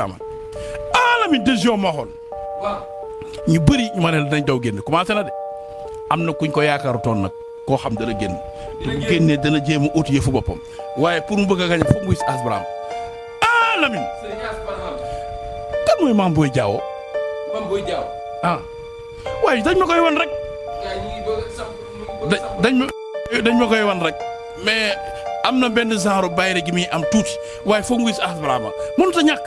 amal alamin décision moo xoon ñu bëri ñu ma ne la dinañ daw génn commencé na de am na kuñ ko yaakaarutoon nag koo xam dana génn te bu génnee dana jéem a ut yëfu boppam waaye pour mu bëgg a gañ foog mu gis asbraam alamin kan mooy maam booy jaawo waaye dañ ma koy wan rek dañ ma dañ ma koy wan rek mais am na benn genre bayre gi muy am tuuti waaye foog mu gis asbraama mënut a ñàkk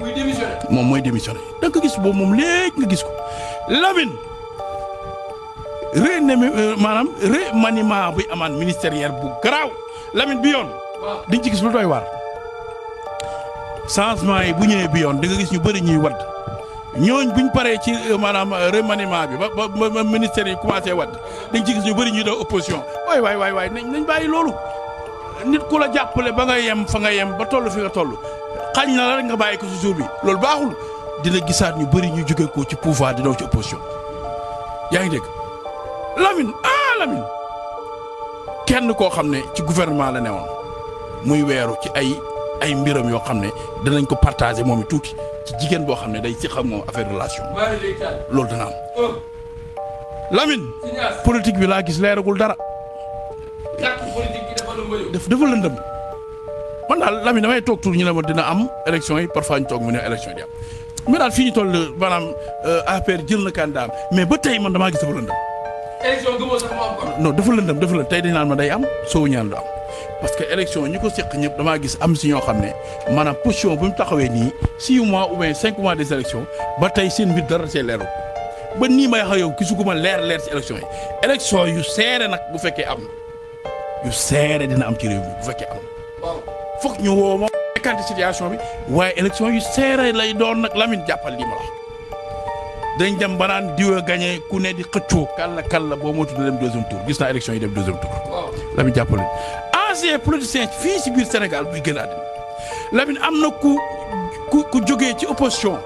muy démissionné. moom mooy démissionné da gis boobu moom léegi nga gis ko Lamine ré euh, maanaam remaniement buy amaan ministériel bu garaaw lamin bi yoon. di ci gis lu doy waar. changement yi bu ñëwee bi yoon di nga gis ñu bëri ñuy wadd ñooñ buñ paree ci euh, maanaam euh, remaniement bi ba ba ministère yi commencé wadd di nga ci gis ñu bëri ñuy def opposition waay waay waay waay nañ nañ bàyyi loolu. nit ku la jàppale ba nga yem fa nga yem ba toll fi nga toll xañ na la rek nga bàyyi ko si bi loolu baaxul dina gisaat ñu bëri ñu jóge ko ci pouvoir di daw ci opposition yaa ngi dégg Lamine ah kenn koo xam ne ci gouvernement la newoon muy weeru ci ay ay mbiram yoo xam ne danañ ko partager moom tuuti ci jigéen boo xam ne day si xam moom affaire relation loolu dana am oh. Lamine bi laa gis leeragul dara dafa dafa lëndëm man daal Lamine damay toog tur ñu ne ma dina am élection yi parfois ñu toog mu ne élection yi di am mais daal fii ñu toll maanaam euh, APR jël na candidat mais ba tey man damaa gis dafa lëndëm. élection gëmoo sax moo am kon. non dafa tey dañ naan ma day am soo ñaan du am parce que élection ñi ko seq ñëpp damaa gis am si ñoo xam ne maanaam position bu mu taxawee nii 6 mois ou bien mois des élections ba tey seen mbir dara see leerul ba nii may yow gisu ma leer leer si yu seere nag bu fekkee am na yu dina am ci réew bu fekkee am foog ñu woo moom nekkante situation bi waaye élection yu seere lay doon nag lamin jàppal li ma wax dañ dem ba naan diw a gagné ku ne di xëccoo kàlla kàlla boo moytu da dem deuxième tour gis naa élection yi dem deuxième tour Lamine jàppal ancien politicien fii si biir Sénégal buy gën a àddina Lamine am na ku ku ku jógee ci opposition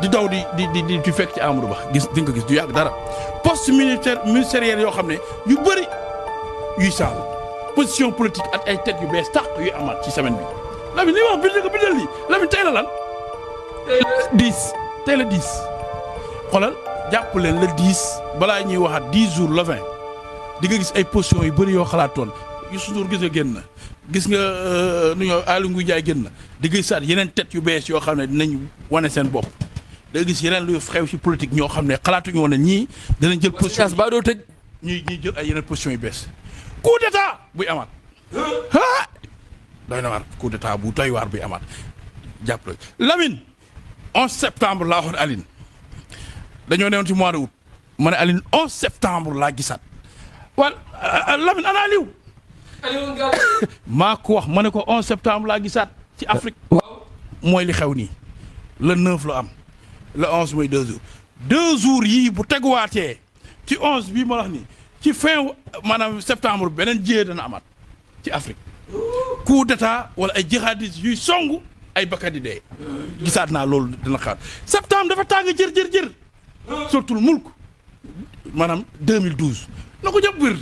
di daw di di di di fekk ci Amadou Ba gis di nga ko gis du yàgg dara poste ministère ministériel yoo xam ne yu bari yuy saalu position politique ak ay tête yu bees tax yu amat ci semaine bi Lamine ni wax bindal ko bindal lii Lamine tay la lan tay la 10 tay la 10 xolal jàpp len le 10 bala ñi waxat 10 jours le 20 di nga gis ay position yu bëri yo xalaatoon yu Ndour gis nga génn gis nga euh, nu ñoo Aly Ngouille Ndiaye génn na di nga gisaat yeneen tête yu bees yo xam ne dinañ wane seen bopp da gis yenen luy xew ci politique ño xam ne ñu woon ñi ñii jël position ba do tej ñi ñi jël ay yenen position yu bees coup d'état buy amaat ah doy na waar coup d'état bu doy waar buy amaat jàppale Lamine 11 septembre laa waxoon Aline dañoo newoon ci mois de août ma ne Aline 11 septembre laa gisaat wal euh, euh, Lamine ana Aliou. maa wax ma ne ko 11 septembre laa gisaat ci Afrique. mooy li xew nii le 9 la am le 11 mooy deux jours deux jours yii bu teguwaatee ci 11 bii ma wax nii. ci fin maanaam septembre beneen jiyee dana amaat ci Afrique coup deta wala ay jihadistes yuy songu ay bakkan di dee gisaat naa loolu dana xaar septembre dafa tàng jër jër jër surtout mulk maanaam 2012 na ko jëpp wir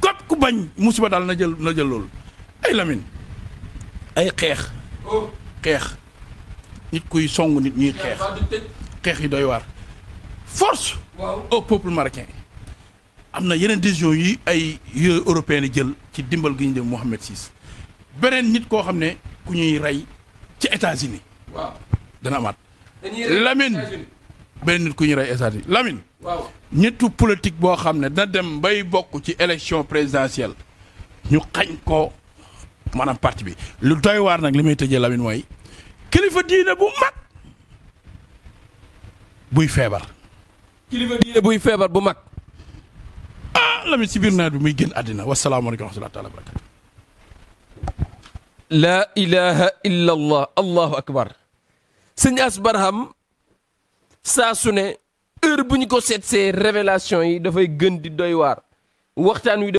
kop ku bañ musiba daal na jël na jël loolu ay lamin ay xeex xeex nit kuy songu nit ñuy xeex xeex yi doy waar force au peuple marocain am na yeneen décision yi ay yooyu jël ci dimbal gi ñu dem Mohamed Sis beneen nit koo xam ne ku ñuy rey ci États-Unis waaw dana amaat Lamine beneen nit ku ñuy rey États-Unis Lamine waaw ñettu politique boo xam ne da dem bay bokk ci élection présidentielle ñu xañ ko maanaam partie bi lu doy waar nag li may tëjee lamin mooy kilifa diine bu mag buy feebar kilifa bu mag لا إله إلا الله الله أكبر سن أسبرهم ساسوني إربني كوسيت سي ريفيلاسيون يدفعي غندي دويوار وقتان ويدفعي